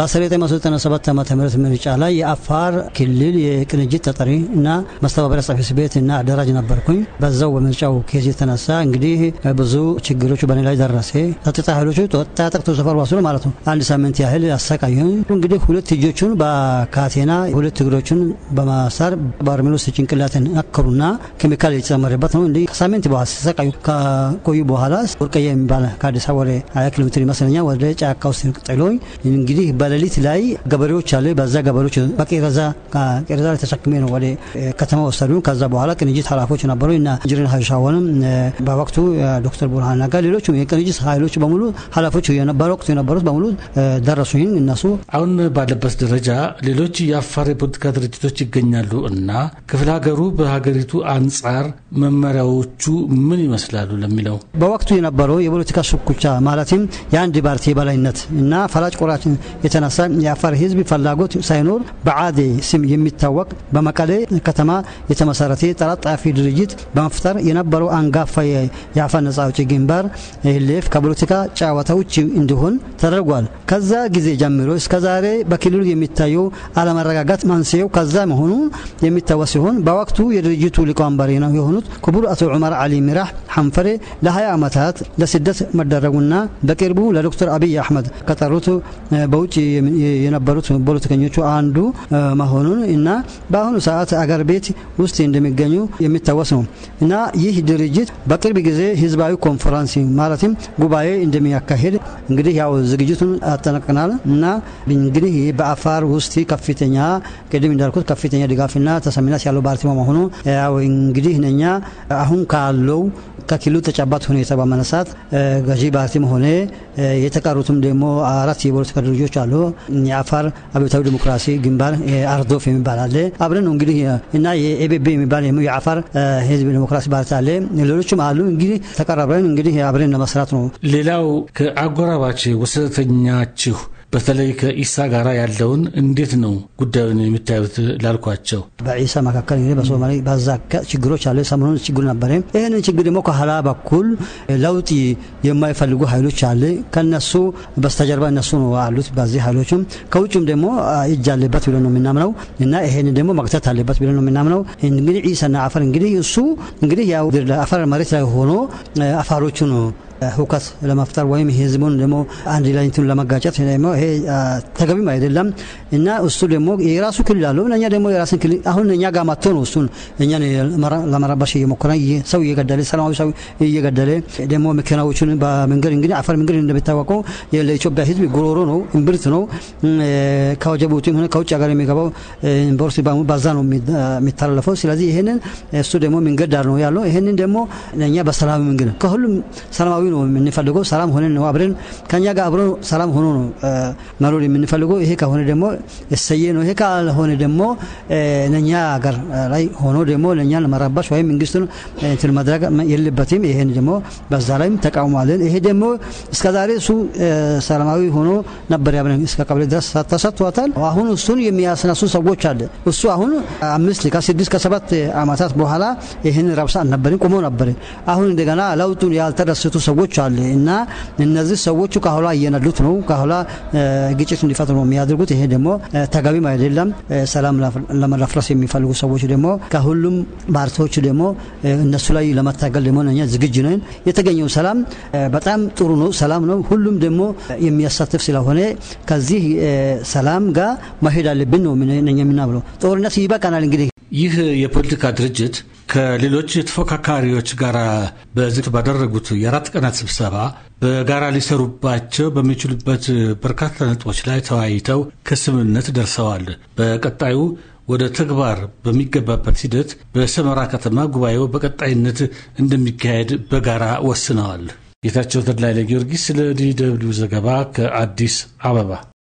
በ1997 ዓ.ም ምርጫ ላይ የአፋር ክልል የቅንጅት ተጠሪ እና መስተባበሪያ ጸሐፊ ቤት እና አደራጅ ነበርኩኝ። በዛው በምርጫው ኬዝ የተነሳ እንግዲህ ብዙ ችግሮች በእኔ ላይ ደረሰ። ጸጥታ ኃይሎቹ ጠቅቶ ሰፈር ዋስሎ ማለት ነው። አንድ ሳምንት ያህል አሰቃየሁኝ። እንግዲህ ሁለት እጆቹን በካቴና ሁለት እግሮቹን በማሳር በርሜል ውስጥ ጭንቅላትን አከሩና ኬሚካል የተጨመረበት ነው። እንዲህ ከሳምንት በኋላ ሲሰቃዩ ከቆዩ በኋላ ወርቀየ የሚባል ከአዲስ አበባ ወደ ሀያ ኪሎ ሜትር ይመስለኛል ወደ ጫካ ውስጥ ጥሎኝ እንግዲህ ሌሊት ላይ ገበሬዎች አለ በዛ ገበሬዎች በቄረዛ ቄረዛ ላይ ተሸክሜ ነው ወደ ከተማ ወሰዱ። ከዛ በኋላ ቅንጅት ኃላፊዎች ነበሩ እና ጅሪን ሀሻወንም በወቅቱ ዶክተር ቡርሃን ነጋ፣ ሌሎችም የቅንጅት ኃይሎች በሙሉ ኃላፊዎች ወቅቱ የነበሩት በሙሉ ደረሱ። ይህን እነሱ አሁን ባለበት ደረጃ ሌሎች የአፋር የፖለቲካ ድርጅቶች ይገኛሉ እና ክፍለ ሀገሩ በሀገሪቱ አንጻር መመሪያዎቹ ምን ይመስላሉ ለሚለው በወቅቱ የነበረው የፖለቲካ ሽኩቻ ማለትም የአንድ ፓርቲ የበላይነት እና ፈላጭ ቆራጭ የተነሳ የአፋር ህዝብ ፍላጎት ሳይኖር በአዴ ስም የሚታወቅ በመቀሌ ከተማ የተመሰረተ ጠላጣፊ ድርጅት በመፍጠር የነበረው አንጋፋ የአፋር ነጻ አውጪ ግንባር ህልፍ ከፖለቲካ ጨዋታ ውጭ እንዲሆን ተደርጓል። ከዛ ጊዜ ጀምሮ እስከዛሬ በክልሉ የሚታየው አለመረጋጋት መንስኤው ከዛ መሆኑ የሚታወስ ሲሆን በወቅቱ የድርጅቱ ሊቀመንበር ነው የሆኑት ክቡር አቶ ዑመር አሊ ሚራህ ሐንፈሬ ለ20 ዓመታት ለስደት መደረጉና በቅርቡ ለዶክተር አብይ አህመድ ከጠሩት በውጭ ሰዎች የነበሩት ፖለቲከኞቹ አንዱ መሆኑን እና በአሁኑ ሰዓት አገር ቤት ውስጥ እንደሚገኙ የሚታወስ ነው እና ይህ ድርጅት በቅርብ ጊዜ ህዝባዊ ኮንፈረንስ ማለትም ጉባኤ እንደሚያካሄድ እንግዲህ ያው ዝግጅቱን አጠናቅናል እና እንግዲህ በአፋር ውስጥ ከፍተኛ ቅድም እንዳልኩት ከፍተኛ ድጋፍና ተሰሚነት ያለው ፓርቲ መሆኑ ያው እንግዲህ ነኛ አሁን ካለው ከክልሉ ተጨባጭ ሁኔታ በመነሳት ገዢ ፓርቲም ሆነ የተቀሩትም ደግሞ አራት የፖለቲካ ድርጅቶች አሉ። የአፋር አብዮታዊ ዲሞክራሲ ግንባር አርዶፍ የሚባል አለ። አብረን ነው እንግዲህ እና የኤቤቤ የሚባል የአፋር ህዝብ ዲሞክራሲ ፓርቲ አለ። ሌሎችም አሉ። እንግዲህ ተቀራብረን እንግዲህ አብረን ለመስራት ነው። ሌላው ከአጎራባች ወሰተኛችሁ በተለይ ከኢሳ ጋር ያለውን እንዴት ነው ጉዳዩን የምታዩት ላልኳቸው፣ በኢሳ መካከል እንግዲህ በሶማሌ በዛ ችግሮች አለ። ሰሞኑን ችግር ነበረ። ይህንን ችግር ደግሞ ከኋላ በኩል ለውጥ የማይፈልጉ ኃይሎች አለ። ከነሱ በስተጀርባ እነሱ ነው አሉት። በዚህ ኃይሎችም ከውጭም ደግሞ እጅ አለበት ብለን ነው የምናምነው እና ይህን ደግሞ መቅተት አለበት ብለን ነው የምናምነው። እንግዲህ ኢሳና አፈር እንግዲህ እሱ እንግዲህ ያው አፈር መሬት ላይ ሆኖ አፋሮቹ ነው ሁከት ለመፍጠር ወይም ህዝቡን ደግሞ አንድ ላይንቱን ለመጋጨት ደግሞ ይሄ ተገቢም አይደለም እና እሱ ደግሞ የራሱ ክልል አለው። እኛ ደግሞ የራስን ክልል አሁን እኛ ጋር መጥቶ ነው እሱን እኛን ለመረባሽ እየሞከረ ሰው እየገደለ ሰላማዊ ሰው እየገደለ ደግሞ መኪናዎቹን በመንገድ እንግዲህ አፈር መንገድ እንደሚታወቀው ለኢትዮጵያ ህዝብ ጉሮሮ ነው፣ እምብርት ነው። ከጅቡቲም ሆነ ከውጭ ሀገር የሚገባው ኢምፖርት በዛ ነው የሚተላለፈው። ስለዚህ ይህንን እሱ ደግሞ መንገድ ዳር ነው ያለው። ይህንን ደግሞ እኛ በሰላም መንገድ ከሁሉም ሰላማዊ ነው የምንፈልገው። ሰላም ሆነን ነው አብረን ከኛ ጋር አብሮ ሰላም ሆኖ ነው መኖር የምንፈልገው። ይሄ ከሆነ ደግሞ እሰየ ነው። ይሄ ካልሆነ ደግሞ ለእኛ ሀገር ላይ ሆኖ ደግሞ ለእኛ ለመረባሽ ወይም መንግስቱን እንትን ማድረግ የለበትም። ይሄን ደግሞ በዛ ላይም ተቃውሟለን። ይሄ ደግሞ እስከዛሬ እሱ ሰላማዊ ሆኖ ነበር ያብለን እስከ ቀበሌ ድረስ ተሰጥቷታል። አሁን እሱን የሚያስነሱ ሰዎች አለ። እሱ አሁን አምስት ከስድስት ከሰባት ዓመታት በኋላ ይህን ረብሳ አልነበርን ቆሞ ነበር። አሁን እንደገና ለውጡን ያልተደሰቱ ሰዎች ሰዎች አሉ እና እነዚህ ሰዎቹ ከኋላ እየነዱት ነው፣ ከኋላ ግጭት እንዲፈጥሩ ነው የሚያደርጉት። ይሄ ደግሞ ተገቢም አይደለም። ሰላም ለመረፍረስ የሚፈልጉ ሰዎች ደግሞ ከሁሉም ፓርቲዎች ደግሞ እነሱ ላይ ለመታገል ደግሞ እኛ ዝግጅ ነን። የተገኘው ሰላም በጣም ጥሩ ነው፣ ሰላም ነው። ሁሉም ደግሞ የሚያሳትፍ ስለሆነ ከዚህ ሰላም ጋር መሄድ አለብን ነው የምናብለው። ጦርነት ይበቃናል እንግዲህ ይህ የፖለቲካ ድርጅት ከሌሎች ተፎካካሪዎች ጋር በዚህ ባደረጉት የአራት ቀናት ስብሰባ በጋራ ሊሰሩባቸው በሚችሉበት በርካታ ነጥቦች ላይ ተወያይተው ከስምምነት ደርሰዋል። በቀጣዩ ወደ ተግባር በሚገባበት ሂደት በሰመራ ከተማ ጉባኤው በቀጣይነት እንደሚካሄድ በጋራ ወስነዋል። ጌታቸው ተድላ ለጊዮርጊስ ለዲ ደብልዩ ዘገባ ከአዲስ አበባ